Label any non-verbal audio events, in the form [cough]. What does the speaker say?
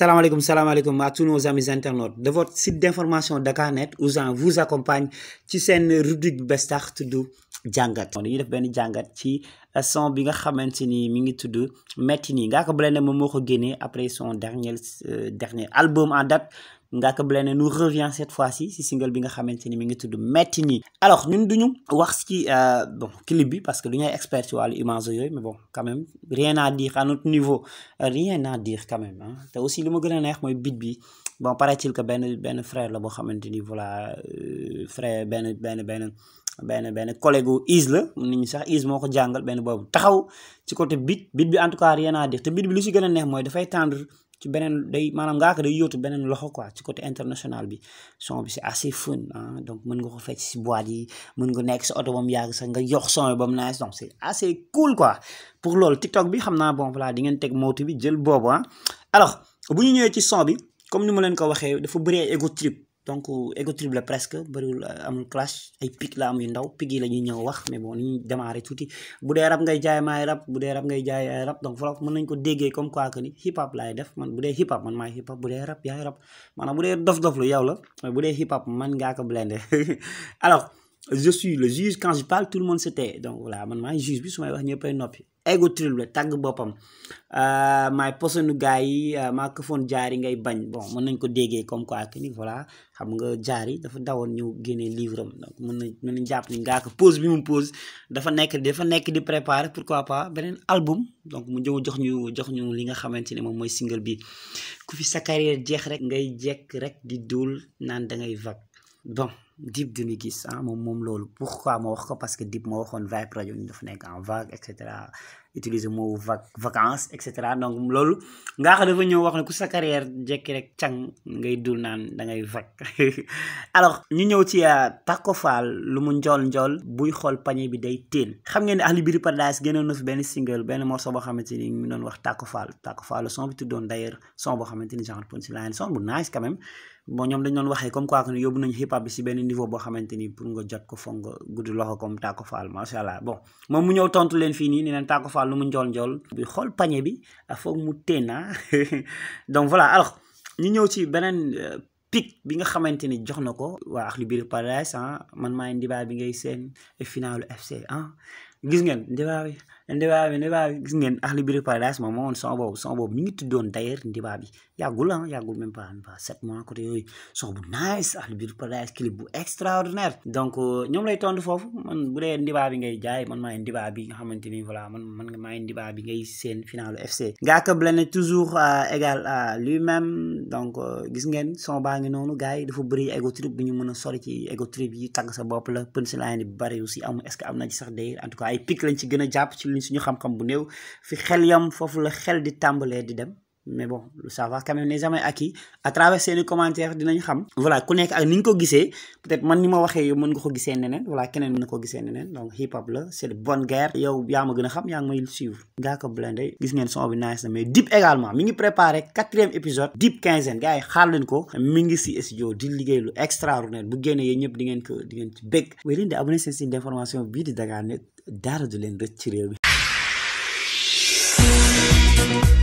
salaamaaleykum salaamaaleykum à tous nos amis internautes de votre site d'information Dakarnet Ouzin vous accompagne ci seen rubrique bés tax tudd jàngat. dañuy def benn jàngat ci son bi nga xamante ni mi ngi tudd metti nii ngaa ko bële ne moom moo ko génnee après son dernier euh, dernier album en date Ngaaka Blindé nous revient cette fois si single bi nga xamante ni mi ngi tudd metti nii alors ñun duñu wax ci euh, bon clip bi parce que du ñuy expert ci wàllu image yooyu mais bon quand même rien à dire à notre niveau rien aussi li ma gën a neex mooy bit bi bon paraît-il benn benn frère la boo xamante ni voilà euh, frère benn benn benn benn benn collègue gu Is la nit ñi sax Is moo ko jàngal benn boobu taxaw ci côté bit bit bi en tout cas rien à dire te bit bi lu si gën a neex mooy dafay tendre ci beneen day maanaam ngaaka day yóotu beneen loxo quoi ci côté international bi son bi c'est assez fun donc mën nga ko fecc si boîte yi mën nga nekk sa oto ba mu yàgg sax nga yox son ba mu naaj donc c'est assez cool quoi pour loolu TikTok bi xam naa bon voilà di ngeen teg mootu bi jël boobu ah alors bu ñu ñëwee ci son bi comme ni ma leen ko waxee dafa bëree ego trip donc ego trip la presque bëriwul euh, amul clash ay pic la am yu ndaw pic yi la ñuy ñëw wax mais bon ni ñu démarré tuuti bu dee rap ngay jaay maay rap bu dee rap ngay jaay ay rap ko déggee comme quoi que ni hip hop laay def man bu dee dof-dof lu yow la bu dee hip hop man ngaa ko blende [laughs] alors je suis le juge quand je parle tout le monde se donc voilà man maay juge bi su may wax ñëppay noppi ego trip la tàgg boppam maay nu gars yi euh, maa këfoon jaari ngay bañ bon mën nañ ko déggee comme quoi que ni voilà xam nga jaari dafa dawoon ñëw génnee livre mën nañ mën nañ jàpp ni ngaa ko bi mu pause dafa nekk dafa nekk di préparer pourquoi pas beneen album donc mu jëw jox ñu jox ñu li nga xamante ne moom mooy single bi ku fi sa jeex rek ngay jekk rek di dul naan da ngay bon dip demi gis ah moom moom loolu pourquoi ma wax ko parce que dip ma waxoon vibe rajo ñu dafa nekk en vague et cetera utiliser moo vac vacances et cetera donc loolu ngaa xam dafa ñëw wax ne ku sa carrière jekki rek càng ngay dul naan da vac [laughs] alors ñu ñëw ci euh, Paco Fall lu mu njool njool buy xool panier bi day teen xam ngeen ne Akhlou Brick Paradise génnoon na fi benn single benn morceau boo xamante ni mu wax Paco Fall Paco Fall son bi tuddoon d'ailleurs son boo xamante ni genre punchline son bu nice quand même bon ñoom dañ doon waxee comme quoi que yóbbu nañu hip hop bi si benn niveau boo ko foog nga gudd loxo fois lu mu njool njool bi xool panier bi ah, foog mu téena ah. [laughs] donc voilà alors ñu ñëw ci beneen euh, pic bi nga xamante ni jox na ko waa Akhlou Brick Paradise ah man maay Ndibaa bi ngay seen finalu FC ah gis ngeen Ndibaa ndibaa bi ndibaa bi gis ngeen Akhlou Brick Paradise moom moo woon son boobu son boobu mi ngi tuddoon d'ailleurs ndibaa bi yàggul ah yàggul même pas même pas sept mois côté yooyu son bu nice Akhlou Brick Paradise clip bu extraordinaire a sori ci ego trip yi tagg sa bopp la punchline bi bari aussi am est-ce que am na ci sax d'ailleurs en tout cas ay pic lañ ci gën a ñun suñu xam-xam bu néew fi xel yam foofu la xel di tàmbalee di dem mais bon le savoir quand même n'est jamais acquis seeni commentaires dinañ xam voilà ku nekk ak ni ñu ko gisee peut man ni ma waxee yow nga ko gisee neneen voilà keneen mën na ko gisee neneen donc hip hop la c'est de guerre yow yaa ma gën a xam yaa may suivre Ngaaka Blindé gis ngeen son bi nice na mais Dip également mi ngi préparé quatrième épisode Dip quinzaine gars yi xaar leen ko Thank you